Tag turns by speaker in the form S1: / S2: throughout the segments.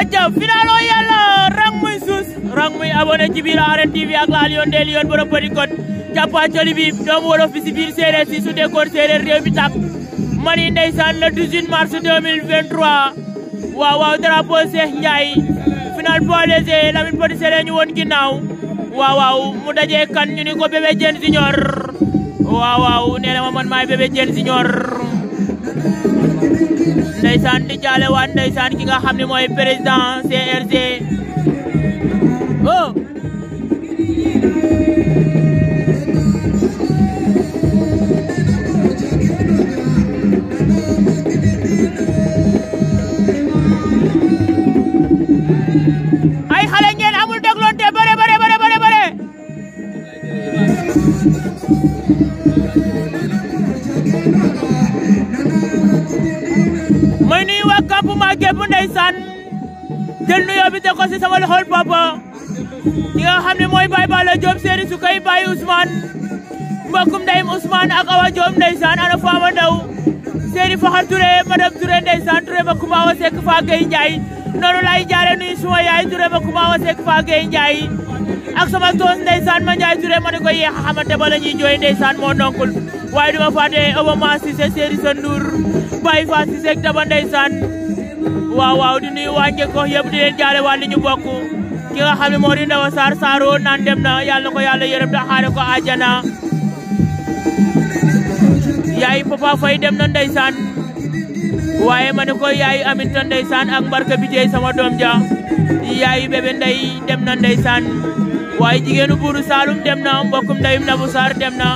S1: acca finalo yàlla rang muy suus rang muy abonné ci biir Arène TV ak la Lion des Lions borom petit côte jàppacoli doomu wolof bi si biir si su dékoor séeréer réew mi tàkk mani ndeysaan le 18 mars 2023 waaw waaw drapeau Cheikh Ndiaye final poids léger Lamine Petit Sélé ñu woon ginnaaw waaw waaw mu dajee kan ñu ni ko bébé Diène junior waaw waaw nee na ma man maay bébé Diène junior ndeysaan di jaale waat ndeysaan ki nga xam ne mooy président CRG oh ay xale ngeen amul dégloonte bare bare bare bare bare nuyu waa campement gépp ndeysaan jël nuyoo bi teg ko ci sama loxol papa ki nga xam ne mooy Baye Balla Diop Serigne su koy Baye Ousmane mbokkum ndeyim Ousmane ak Awa Diop ndeysaan ana faama ndaw seeni faxar Touré madame Touré ndeysaan Touré ba Kumba Awa Seck fa Gueye Ndiaye noonu laay jaare nuyu suma yaay Touré ba Kumba Awa Seck fa Gueye Ndiaye ak sama toos ndeysaan ma Ndiaye Touré ma ne ko yeex a xamante ba la ñuy jooy ndeysaan moo nonkul waaye duma fàtte Obama Cissé Séri Sa Ndour Baye Fa Cissé ak Daba ndeysaan waaw waaw di nuyu waa Njëkko yëpp di leen jaare waa li ñu ki nga xam ne Ndawa Sarr Saaro naan dem na yàlla na ko yàlla yërëm da ko yaay Papa Faye dem na ndeysaan waaye ma ne ko yaay Aminta ndeysaan ak mbarka bi sama doom ja yaay bébé ndey dem na ndeysaan waaye jigéenu buuru Saalum dem na mbokkum ndeyum Nabou Sarr dem na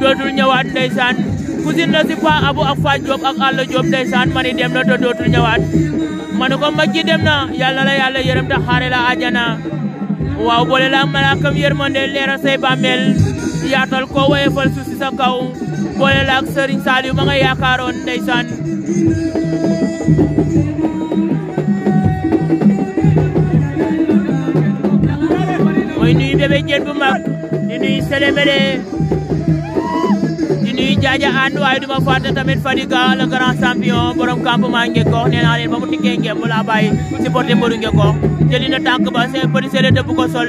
S1: dootul ñëwaat ndeysaan cousine la si Pa Abu ak Fa Diop ak Alla Diop ndeysaan mani dem na dootul ñëwaat ma majji dem na yàlla la yàlla yërëm ta xaare la waaw boole la ak malaakam yërmande leeral say bàmmeel yaatal ko wayefal susi sa kaw boole lak Serigne Saliou ma nga yakaron ndeysaan moy nuy bebe jeen bu mag di nuy selemele di nuy jaaja ànd waaye duma fàtte tamit Fadiga le grand champion borom campement Ngekoox nee naa leen ba mu dikkee la baye supporter borou nge ko jeli na tank ba seen petit sele dëpp ko sol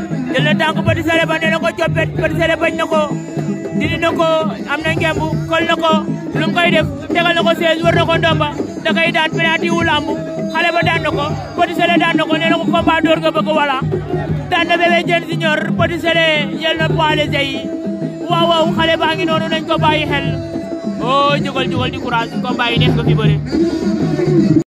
S1: jël na tànk Petit Sélé ba nee ko coppet Petit Sélé bañ na ko dindi na ko am na ngembu kol na ko lu koy def tegal na ko sees war na ko ndomba da daan penalty wu lamb xale ba daan ko Petit Sélé daan ko nee ko combat door nga bëgg wala daan na Bébé Diène Junior Petit Sélé jël na poids léger yi waaw waaw xale baa ngi nañ ko bàyyi xel oh jógal jógal di courage combat yi neex nga fi